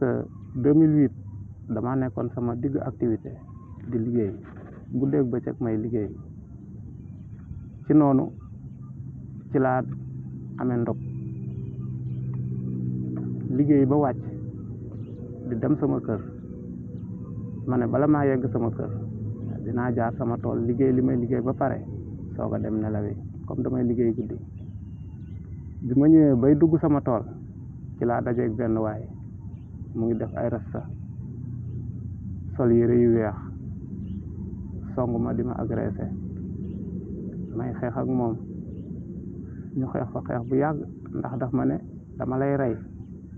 que 2008 damaa nekkoon sama digg activité di liggéey guddeeg bëccëg may liggéey ci noonu ci laa ame ndog liggéey ba wàcc di dem sama kër ma ne bala maa yegg sama kër dinaa jaar sama tool liggéey li may liggéey ba pare soog a dem nelawi comme damay liggéey guddi bi ma ñëwee bay dugg sama tool ci laa dajeeg benn waay mu ngi def ay rasta sol yére yu weex song ma di ma agressé may xeex ak moom ñu xeex fa xeex bu yàgg ndax daf ma ne dama lay rey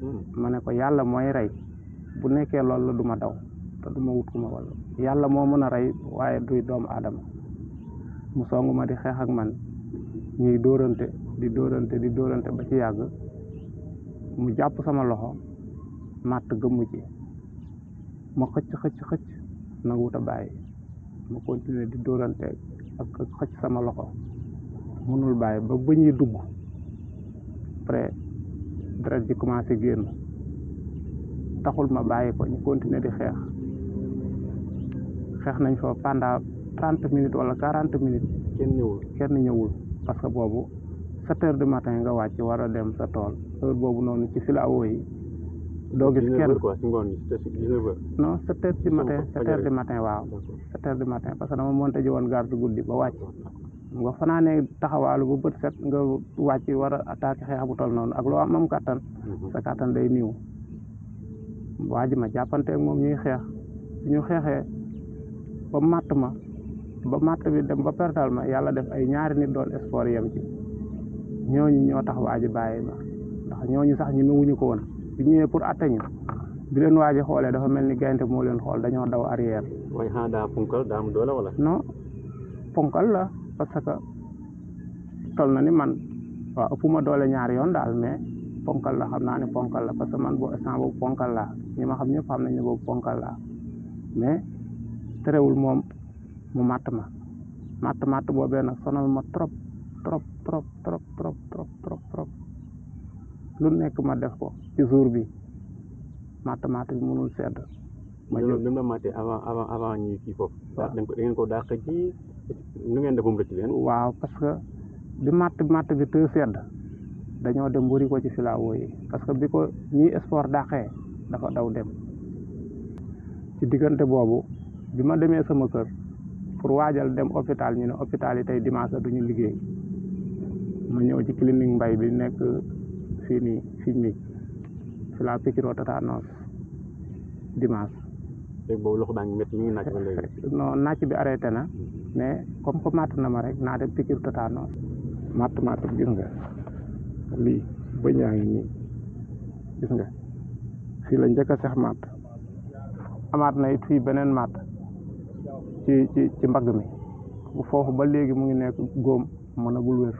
hmm. ma ne ko yàlla mooy rey bu nekkee loolu la du ma daw te du ma wut yàlla moo mën a rey waaye duy doomu aadama mu song ma di xeex ak man ñuy dóorante di dóorante di dóorante ba ci yàgg mu jàpp sama loxo màtt gëmmu ci ma xëcc xëcc xëcc nanguwut a bàyyi ma continuer di dóorante ak xëcc sama loxo mënul bàyyi ba bëñ yi dugg après deret ji commencé génn taxul ma bàyyi ko ñu continuer di xeex xeex nañ fa pendant trente minutes wala quarante minutes kenn ñëwul kenn ñëwul parce que boobu sept de du matin nga wàcc war a dem sa tool boobu noonu ci filao yi doo gis kenn non sept heures du matin sept heures du matin waaw sept du matin parce que dama monté ji woon garde guddi ba wàcc nga fanaanee taxawaalu bu bët set nga wàcc war a attaqué xeex bu tol noonu ak loo am am kàttan mhm. sa kàttan day niiw waa ji ma jàppanteeg moom ñuy xeex ñu xeexee ba matt ma ba mat bi dem ba pertal ma yàlla def ay ñaari nit doon sport yem ci ñooñu ñoo tax waa ji bàyyi ma ndax ñooñu sax ñi mewuñu ko woon bi pour atte ñu bi leen waaj a xoolee dafa mel ni gaynte moo leen xool dañoo daw arrière. mooy xanaa daa ponkal daa doole wala. non ponkal la parce que toll na ni man waaw ëpp ma doole ñaari yoon daal mais ponkal la xam naa ne ponkal la parce que man boo instant boobu ponkal la ñi ma xam ñëpp xam nañ ne boobu ponkal laa mais terewul moom mu matt ma matt matt boobee nag sonal ma trop trop trop trop trop trop. lu nekk ma def ko ci jour bi mathématique mënul sedd. ma jël loolu la maté kii foofu. waaw da ko dàq ci nu ngeen def ba mu rëcc leen. waaau parce que bi matt matt bi tëë sedd dañoo dem wëri ko ci filao yi parce que bi ko ñii sport dàqee dafa daw dem ci diggante boobu bi ma demee sama kër pour waajal dem hôpital ñu ne hôpital yi tey dimanche duñu liggéey ma ñëw ci clinique mbay bi nekk. fini filmique c'est la piqûre aux tétanos dimanche. léegi boobu bi arrêté na mais comme que matt na ma rek naa def piqûre tétanos. matt matt gis nga gis nga fii la njëkk a sax matt amaat na it fi beneen matt ci ci ci mbagg mi bu foofu ba léegi mu ngi nekk góom mënagul wér.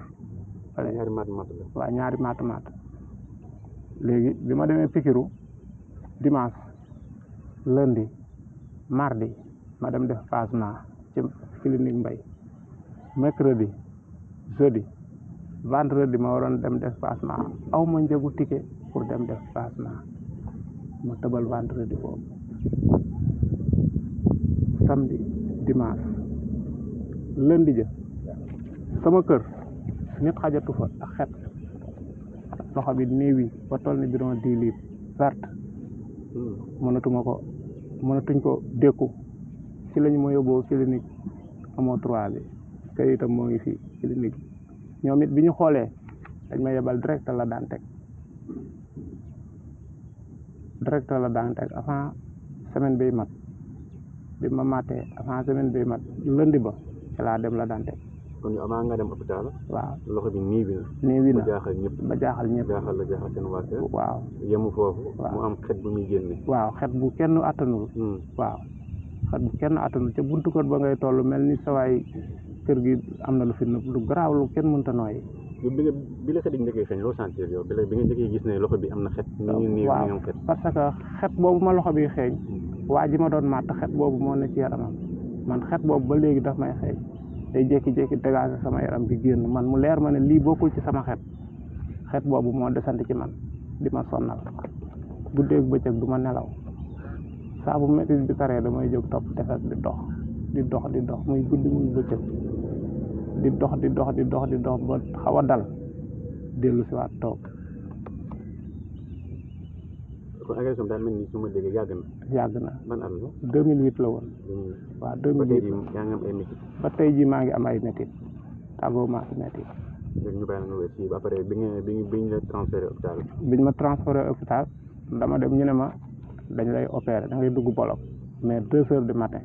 waa ñaari matt matt. léegi bi ma demee fikiru dimanche lundi mardi ma dem def passement ci clinique mbay mercredi jeudi vendredi ma waroon dem def na aw ma njëgu tike pour dem def passement ma tëbal vendredi boobu samedi dimanche lundi ja sama kër nit xajatu fa ak xet loxo bi néew yi ba toll ni bidon dix litres verte hmm. mënatuma ko mënatuñ ko dékku ci lañu ma yóbboo clinique amoo trois bi kër itam moo ngi fi clinique ñoom it bi ñu xoolee dañ ma yebal direct la daan teg direct la daan teg avant semaine bay mat bi ma matee avant semaine bay mat lundi ba ci dem la daan kon avant nga dem hôpital. waaw loxo bi nii bi na. nii bi na ba jaaxal ñëpp. ba jaaxal ñëpp jaaxal waaw yemu am bu muy génne. waaw kenn attanul. Hmm. waaw bu kenn attanul ca buntu kër ba mel ni sawaay kër gi am na lu fi lu garaaw lu kenn mënta nooyi. bi la bi la xet yi njëkkee feeñ loo yow bi bi nga njëkkee gis ne loxo bi am na xet. ñu ngi parce que xet boobu ma loxo bi xeeñ. waa ji ma doon màtt xet boobu moo ne ci yaramam man xet boobu ba léegi daf may xeeñ day jékki-jékki dégagé sama yaram bi génn man mu leer ma ne lii bokkul ci sama xet xet boobu moo desante ci man di ma sonnal guddeeg bëccëg du ma nelaw saa bu métti bi taree damay jóg topp tefes di dox di dox di dox muy guddi muy bëccëg di dox di dox di dox di dox ba xaw a dal dellu si waat toog kon agression daal mel ni su déggee yàgg na. yàgg na ban at la. la woon. waaw 2008 yaa ngi ba tey jii maa ngi am ay métit tàggoo ma si métit. léegi ñu ba pare bi bi ñu la transféré hôpital. bi ma transféré hôpital dama dem ñu ne ma dañ lay opérer da ngay dugg bolok mais deux heures du matin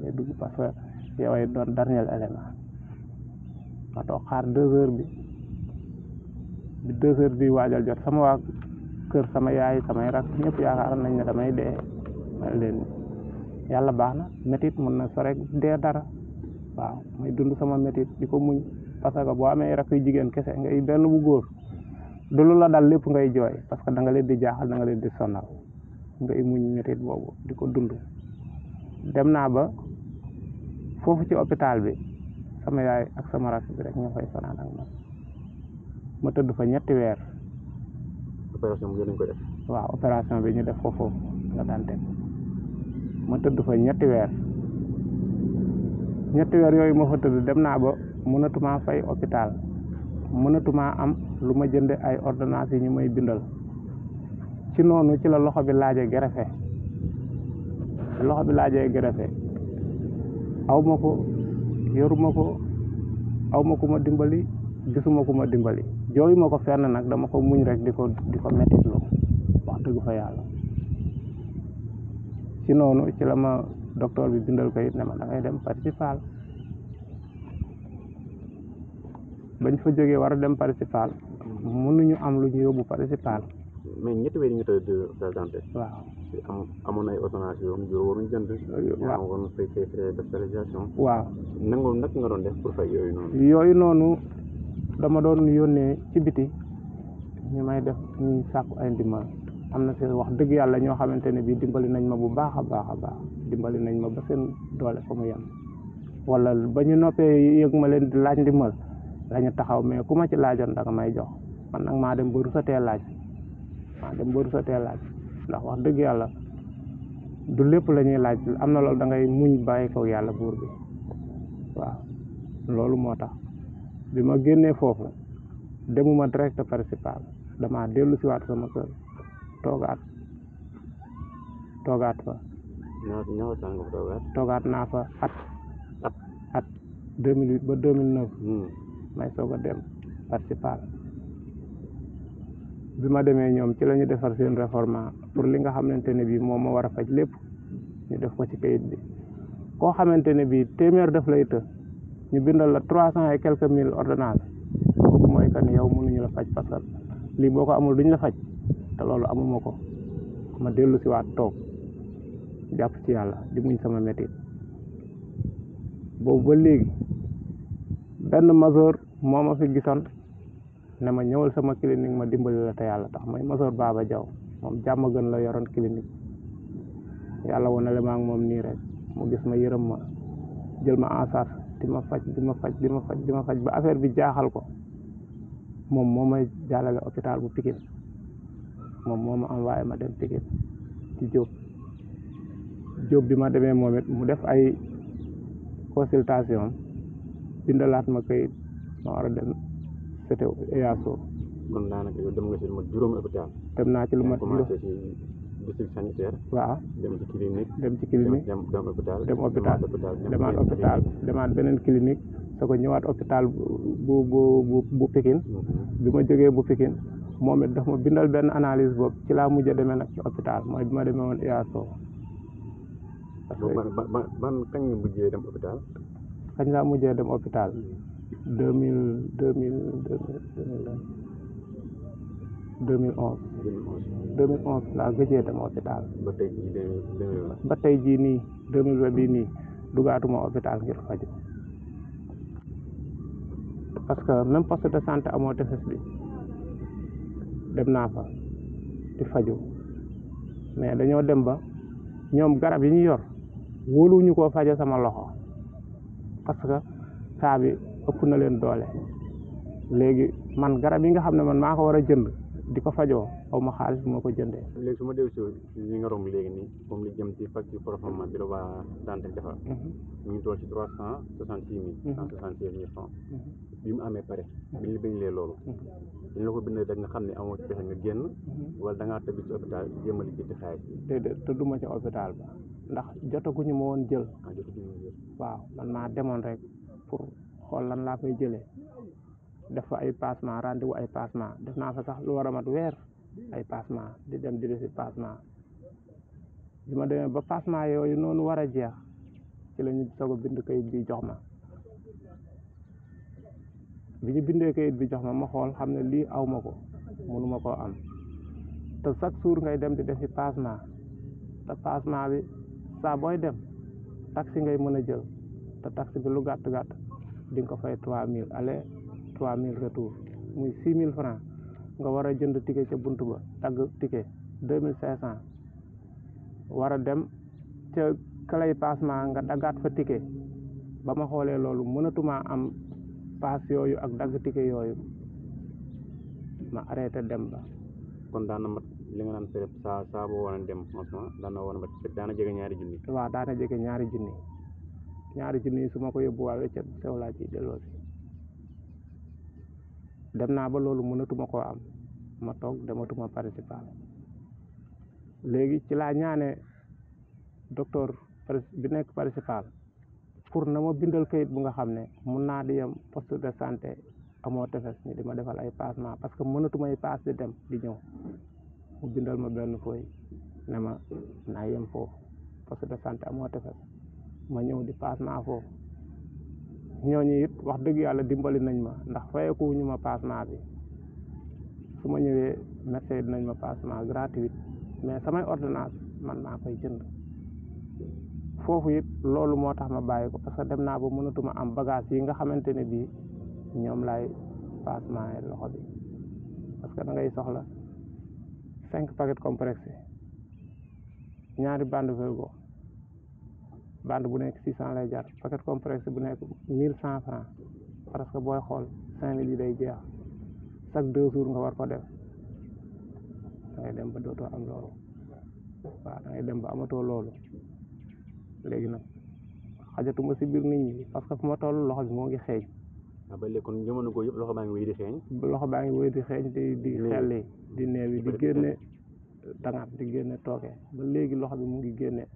ngay dugg parce que yow ay doon dernier élément ma toog xaar deux heures bi deux heures bi waajal jot sama waa. kër sama yaay samay rak ñëpp yaakaar nañ ne damay dee yàlla baax na metit mun na sorek dee dara waaw may dund sama métit di ko muñ parce que boo amee rak yu jigéen kese ngay benn bu góor du lu la dal lépp ngay jooy parce que da nga leen di jaaxal da nga leen di sonal ngay muñ métit boobu di ko dund dem naa ba foofu ci hôpital bi sama yaay ak sama rak bi rek ñoo fay fanaan ak man ma tëdd fa ñetti weer opération bi ko waaw opération bi ñu def foofu la daan teg ma tëdd fa ñetti weer ñetti weer yooyu ma fa tëdd dem naa ba mënatuma fay hôpital mënatuma am lu ma jënd ay ordonnance yi ñu may bindal ci noonu ci la loxo bi laajee greffe loxo bi laajee greffe aw ma ko yoruma ko aw ma ku ma dimbali gisuma ku ma dimbali jooyu ma ko fen nag dama ko muñ rek di ko di ko mettitlu wax dëgg fa yàlla ci noonu ci la ma docteur bi bindal ko it ne ma da ngay dem principal bañ fa jógee war a dem principal mënuñu am lu ñu yóbbu principal mais ñetti weer ñu tëdd présenté waaw amoon ay ordonnance yoo xam ne waruñ jënd nangoon nag nga doon def pour fay yooyu yooyu noonu dama doon yónnee ci biti ñu may def ñuy sàkku ay ndimbal am na seen wax dëgg yàlla ñoo xamante ne bii dimbali nañ ma bu baax a baax a dimbali nañ ma ba seen doole fa mu yem wala ba ñu noppee yëg ma leen di laaj ndimbal la taxaw mais ku ma ci laajoon da may jox man nag maa dem ba rusatee laaj maa dem ba rusatee laaj ndax wax dëgg yàlla du lépp lañuy laaj am na loolu da ngay muñ bàyyi kaw yàlla buur bi waaw loolu moo tax bi ma génnee foofu demuma direct principal damaa dellu si waat sama kër toogaat toogaat fa toogaat naa fa at at deux mille huit ba deux hmm. may soog a dem principal bi ma demee ñoom ci la ñu defar seen réforme pour li nga xamante ne bii moom ma war a faj lépp ñu def ko ci kayit bi koo xamante ne bii téeméer def lay të ñu bindal la trois cent et quelques mil ordonnance kooku mooy kan yow mënuñu la faj parce que lii boo ko amul ñu la faj te loolu amuma ko ma dellu si waat toog jàpp ci yàlla di muñ sama métit boobu ba léegi benn masoor moo ma fi gisoon ne ma ñëwal sama clinique ma dimbali la te yàlla tax mooy masoor Baba Jaw moom jàmm gën la yoroon clinique yàlla wonale maa ngi moom nii rek mu gis ma yërëm ma jël ma en charge ti ma faj di ma faj di ma faj di ma faj ba affaire bi jaaxal ko moom moo may jàllale hôpital bu Pikine moom moo ma envoyé ma dem Pikine ci Diop Diop bi ma demee moomit mu def ay consultation bindalaat ma kayit ma war a dem CTO EASO. man daanaka yow dem lu mat juróomi naa ci lu mat juróom district sanitaire. waaw dem ci clinique. dem ci clinique dem dem hôpital. dem hôpital demaat hôpital demaat beneen clinique. soo ko ñëwaat hôpital bu bu bu bu Pikine. Mhm. bi ma jegee bu Pikine moom it daf ma bindal benn analyse boobu ci laa mujj a demee nag ci hôpital mooy bi ma demee woon IASO. parce man man man kañ nga mujjee dem hôpital. kañ laa mujjee dem hôpital. Mhm. deux deux 2011. 2011 laa gëjee dem hôpital. ba tey jii ba tey jii nii 2020 bii nii dugaatuma hôpital ngir faju parce que même poste de santé amoo tefes bi dem naa fa di faju mais dañoo dem ba ñoom garab yi ñu yor wóoluwuñu koo faje sama loxo parce que saa bi ëpp na leen doole léegi man garab yi nga xam ne man maa ko war a jënd. di ko fajoo aw ma xaalis bu ma ko jëndee. léegi su ma déglu si li nga romb léegi nii comme li jëm ci facture proforma bi Robert Dantec defar. ñu mhm. ngi toll ci trois cent soixante six mille. Mhm. cent soixante six mille francs. Mhm. bi mu amee pare. bi ñu bañ lee loolu. dañ la ko bindee da nga xam ne amoo ci pexe nga génn. wala da ngaa tëdd ci hôpital jéem a lijjanti xaalis bi. déedéet tëdduma ci hôpital ba. ndax jotaguñu ma woon jël. Ah, waaw man maa demoon rek pour xool lan laa koy jëlee. def fa ay passement rendez-vous ay passement def naa fa sax lu war a mat weer ay passement di dem di defi passement bi ma demee ba passement yooyu noonu war a jeex ci la soog bind kayit bi jox ma bi ñu bindee kayit bi jox ma ma xool xam ne lii aw ma ko mënuma ko am te chaque jour ngay dem di def defi passement ta passement bi saa booy dem taxi ngay mën a jël te taxi bi lu gàtt gàtt di ko fay trois mille aller trois mille retour muy six mille francs nga war a jënd tike ca bunt ba dagg ticket deux mille cinq cent war a dem ca kalay passement nga daggaat fa tike ba ma xoolee loolu mënatuma am paas yooyu ak dagg ticket yooyu ma arrêté dem ba kon daan na mat li nga naan sa saa saa boo woon dem maintenant ma na woon mat daana jege ñaari junni waa daana jeg ñaari junni ñaari junni yi su ma ko yóbbuwaawee ca sew laa ciy delloo dem naa ba loolu mënatuma ko am ma toog dematuma principal léegi ci laa ñaane docteur bi nekk principal pour na ma bindal kayit bu nga xam ne mun naa di yem poste de santé amoo tefes ñu di ma defal ay passement parce que mënatumay paas di dem di ñëw mu bindal ma benn fooy ne ma naa yem foofu poste de santé amoo tefes ma ñëw di passement foofu ñooñu it wax dëgg yàlla dimbali nañ ma ndax fayeku ñu ma passement bi su ma ñëwee médecin nañ ma passement gratuit mais samay ordonnance man maa koy jënd foofu it loolu moo tax ma bàyyi ko parce que dem naa ba mënatuma am bagage yi nga xamante ne bii ñoom laay passement loxo bi parce que da ngay soxla cinq paquet complexe ñaari bande vergo bande bu nekk six cent lay jar paquet compresse bu nekk mille cent franc parce que booy xool cinq mille yi day jeex chaque deux jours nga war ko def da dem ba dooto am loolu waaw da ngay amatoo loolu léegi nag xajatuma si biir nit ñi parce que fu ma toll loxo bi moo ngi xeeñ. ah ba léegi jamono googu yëpp loxo baa ngi wéy di xeeñ. loxo baa ngi wéy di xeeñ di di di néew yi di génne dangaat di génne tooke ba léegi loxo bi mu ngi génne.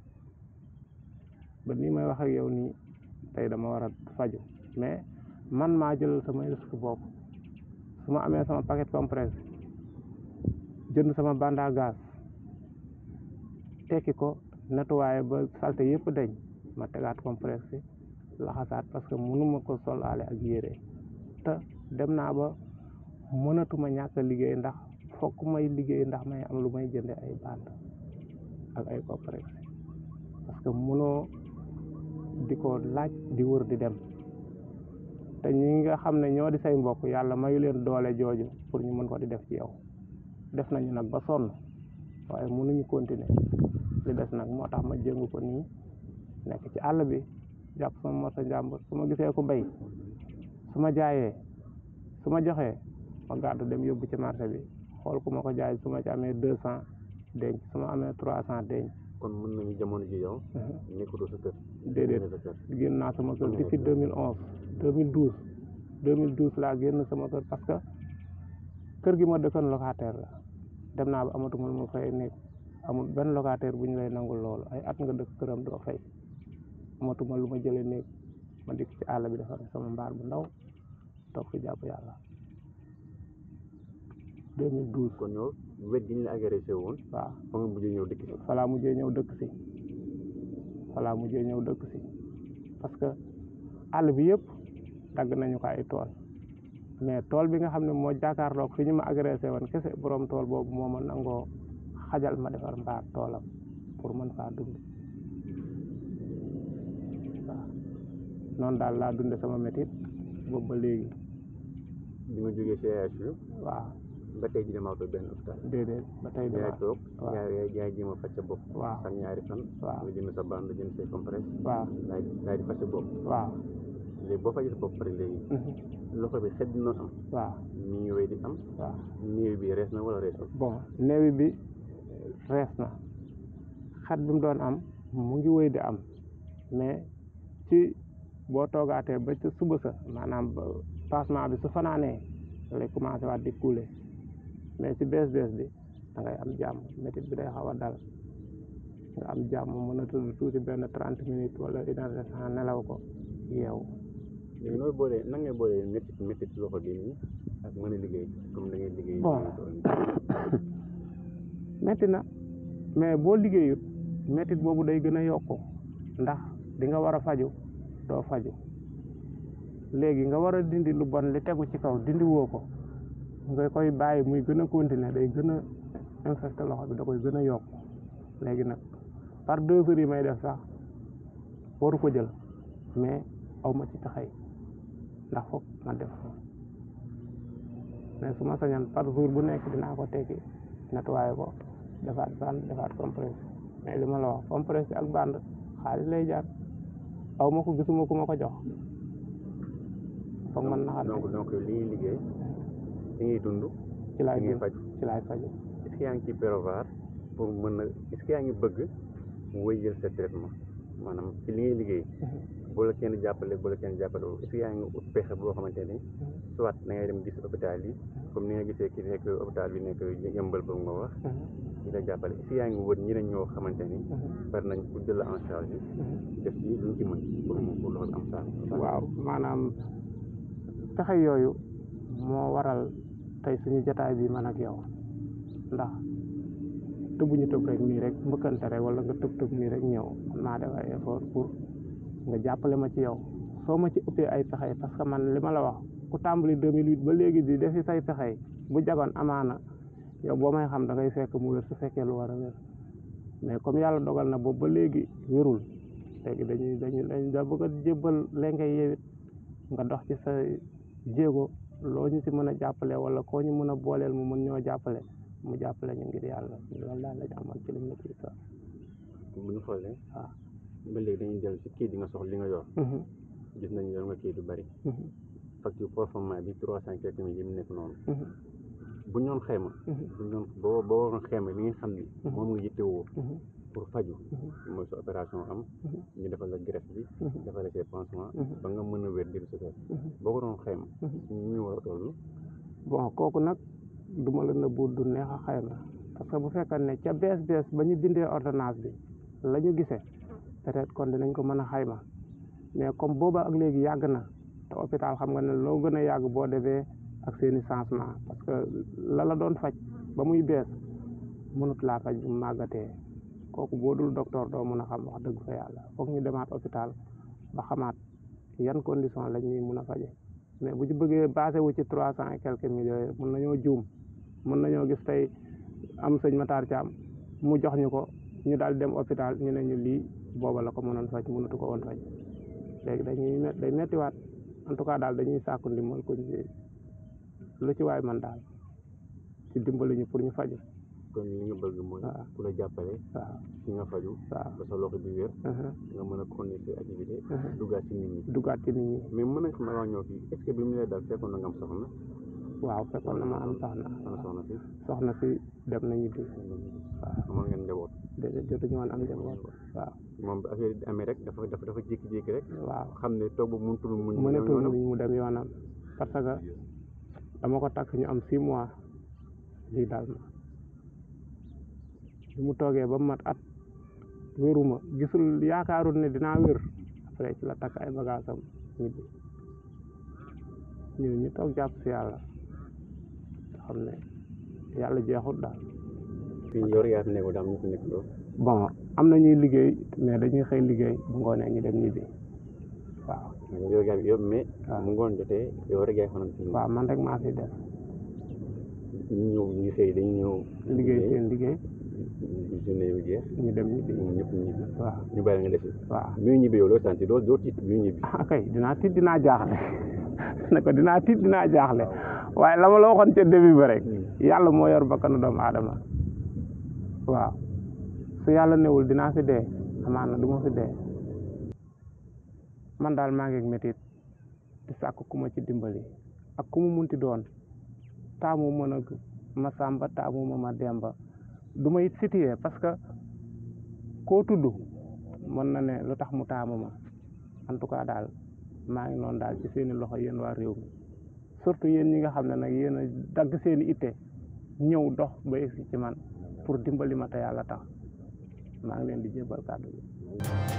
ba nii may wax ak yow nii tey dama war a faju mais man maa jëlal sama risque bopp su ma amee sama paquet compresse jënd sama banda gaz tekki ko nettoyé ba salte yëpp dañ ma tegaat compresse laxasaat parce que mënuma ko solaale ak yére te dem naa ba mënatuma ñàkk liggéey ndax fokk may liggéey ndax may am lu may jënde ay bande ak ay compresse parce que mënoo di ko laaj di wër di dem te ñi nga xam ne ñoo di say mbokk yàlla mayu leen doole jooju pour ñu mën ko di def ci yow def nañu nag ba sonn waaye mënuñu continuer li des nag moo tax ma jëngu ko nii nekk ci àll bi jàpp sama morsa njàmbur su ma gisee ko bay su ma jaayee su ma joxee ma gàddu dem yóbbu ci marché bi xool ku ma ko jaay su ma ci amee deux cent denc su ma amee trois cent denc kon mën nañu jamono ji yow. Mhm. ko sa kër. déedéet génn naa sama kër depuis 2011 2012 2012 laa génn sama parce que kër gi ma dëkkoon locataire la dem naa bu amatuma lu ma fay nekk amul benn locataire bu ñu lay nangu loolu ay at nga dëkk këram doo fay amatuma lu ma jëlee nekk ma dikk ci àll bi defar sama mbaar bu ndaw toog fi jàpp yàlla wet gi ñu la agressé woon. waaw fa nga mujjee ñëw dëkk si. falaa mujjee ñëw dëkk si falaa ñëw dëkk si parce que àll bi yëpp dagg nañu ko tool mais tool bi nga xam ne moo jàkkaarloog fi ñu ma agressé woon kese borom tool boobu moo ma nangoo xajal ma defar mbaar toolam pour mën faa dund waaw daal laa dunde sama métit boobu ba léegi. bi ma jógee waaw. ba tey jii Maodo benn hôpital. ba tey damaa yaay toog. waaw yaay yaay jéem a faj sa bopp. waaw sa ñaari fan. waaw nga jënd sa bande jënd say compresse. waaw daal di daal di faj sa bopp. waaw léegi boo fajee sa bopp pare léegi. Mhm. loxo bi xet dina am. waaw mi ngi wéy di am. waaw néew bi rees na wala reesul. bon néew bi rees na xat bi mu doon am mu ngi wéy di am mais ci boo toogaatee ba suba sa maanaam passement bi su fanaanee lay commencé waat di couler. mais ci bees bees bi da ngay am jàmm métit bi day xaw a dal am jàmm mën a benn trente minutes wala nelaw ko yeewu. léegi nooy boole ngay boole métit métit loxo gi nii liggéey comme da ngay liggéey. bon métti na mais boo liggéeyut métit boobu day gën a yokku ndax di nga war a faju doo faju léegi nga war a dindi lu bon li tegu ci kaw dindi woo ko. nga koy bàyyi muy gën a continuer day gën a infecté loxo da koy gën a yokk léegi nag par deux heures yi may def sax waru ko jël mais aw ma ci taxay ndax foog ma def mais su ma sañan par jour bu nekk dinaa ko tekki nettoyé ko defaat bande defaat compresse mais li la wax compresse ak bande xaalis lay jaar aw ma ko gisuma ku ma ko jox foog man naxat donc donc li ñuy liggéey li ngay dund. ci laay dund ci laay faju est-ce que yaa ngi ci prévoir pour mën a est-ce que yaa ngi bëgg wëyal sa traitement maanaam ci li ngay liggéey. boo kenn jàppale boo la kenn jàppale est-ce que yaa ngi pexe boo xamante ni soit da ngay dem gis hôpital yi comme ni nga gisee ki nekk bi nekk yëmbal boobu nga wax. ñi la jàppale est yaa ngi wër ñi ne ñoo xamante ni. par nañ pour jël la en charge. def ci lu ñu ci pour pour loolu am saa. waaw maanaam pexe yooyu moo waral. tey suñu jataay bi man ak yow ndax tëbuñu tëb rek nii rek mbëkkante rek wala nga tëb tëb nii rek ñëw man maa def ay effort pour nga jàppale ma ci yow soo ma ci ëppee ay pexe parce que man li ma la wax ku tàmbali 2008 ba léegi di defi say pexe bu jagoon amaana yow boo may xam dangay fekk mu wér su fekkee lu war a mais comme yàlla dogal na boobu ba léegi wérul léegi dañuy dañuy dañ da bëgg a jébbal lenge yow nga dox ci sa jéego loo ñu si man a jàppale wala koo ñu mën a booleel mu mën ñoo jàppale mu jàppale ñu ngir yàlla loolu daal la ñu amal ci liñ la ciy soxla. bu ñu xoolee. waaw léegi dañuy dellu si kii di nga soxla li nga yor. Mhm. gis nañu yor nga kii du bari. Mhm. facture proforma bi trois cent quelques mille yi mu nekk noonu. Mhm. bu ñu doon xayma. bu ñu doon boo boo waroon xayma li nga xam ni. moom nga yittewoo. pour faju mm-hmm. mooy sa opération am mm-hmm. ñu defal la greffe bi mm-hmm. defal la say ba nga mën a wér dir sa kër boo ko doon xayma a toll bon kooku nag du ma la nëbbu du neex a xayma parce que bu fekkan ne ca bees bees ba ñu bindee ordonnance bi la ñu gisee peut-être kon dinañ ko mën a xayma mais comme booba ak léegi yàgg na te hôpital xam nga ne loo gën a yàgg boo defee ak seeni changement parce que la doon faj ba muy bees mënut laa faj bu màggatee kooku boo dul docteur doo mun a xam wax dëgg fa yàlla foog ñu demaat hôpital ba xamaat yan condition lañ ñuy mun a faje mais bu ci bëggee basé wu ci trois cent et quelques millions mun nañoo juum mun nañoo gis tey am sëñ Matar Thiam mu jox ñu ko ñu daal dem hôpital ñu ne ñu lii booba la ko mënoon faj mënatu ko woon faj léegi dañuy day mettiwaat en tout cas daal dañuy sàkku ndimbal ko lu ci waay man daal ci dimbali ñu pour ñu faju kon li nga bëgg la jàppale. waaw ci nga faju. waaw ba sa loxo bi uh-huh. nga mën a continuer sa activité. Uh-huh. duggaat ci nit ñi. duggaat ci nit ñi. mën nañu ko mën a ñëw fii est ce que bi mu lay dal na nga am soxna. ma soxna. si soxna si dem nañu di. waaw amoon ngeen njaboot. déedéet jotuñu woon am njaboot moom bi affaire rek dafa dafa dafa jékki rek. waaw xam ne toog boobu mënatul muñ. mënatul muñ mu dem yoonam parce que dama ko takk ñu am six mois lii daal ma bi mu toogee ba mu mat at wéruma gisul yaakaarul ne dinaa wér après ci la takk ay bagaasam ñibbi ñu toog jàpp si yàlla xam ne yàlla jeexul daal. fii yor yaa bon am na ñuy liggéey mais dañuy xëy liggéey bu ngoonee ñu dem ñibbi waaw. mu ngoon jotee yow rek yaay si. man rek maa fi def. ñu ñëw ñu xëy dañu ñëw. liggéey. bi journée ñu dem ñibbi ñëpp ñibbi. waaw ñu bàyyi nga ñu ñibbi yow loo sant doo tiit bi ñibbi. Ah, kay dinaa tiit dinaa jaaxle ne waaye la ma la ca début ba rek. Hmm. yàlla moo yor bakkanu doomu aadama waaw su yàlla newul dinaa fi dee amaana du ma fi dee man daal maa ngi métit di sàkk ku ci dimbali ak ku mu munti doon taamu ma nag ma sàmba taamu ma ma demba du ma it parce que koo tudd mën na ne lu tax mu taamu ma en tout cas daal maa ngi noon daal ci seeni loxo yen waa réew mi surtout yéen ñi nga xam ne nag yéen a dagg seeni ite ñëw dox ba egsi ci man pour dimbali ma te yàlla tax maa ngi leen di jébbal kàddu gi